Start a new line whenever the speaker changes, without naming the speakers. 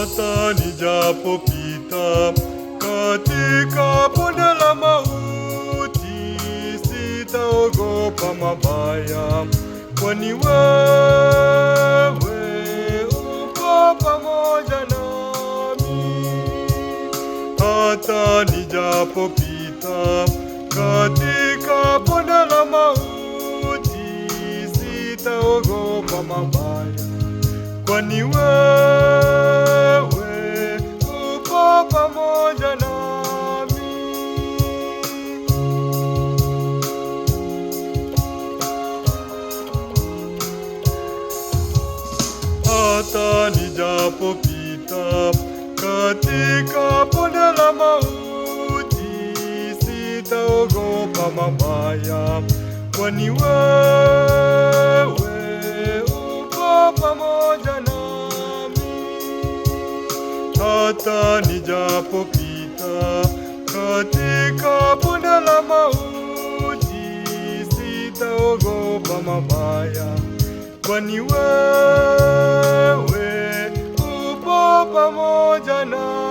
hata nijapopita katika bonde la mauti, sitaogopa mabaya, kwani wewe uko pamoja nami. Hata nijapopita katika bonde la mauti, sitaogopa mabaya, kwani wewe hata nijapopita katika bonde la mauti, sitaogopa mabaya, kwani wewe uko pamoja nami. Hata nijapopita katika bonde la mauti, sitaogopa mabaya, kwani wewe pamoja na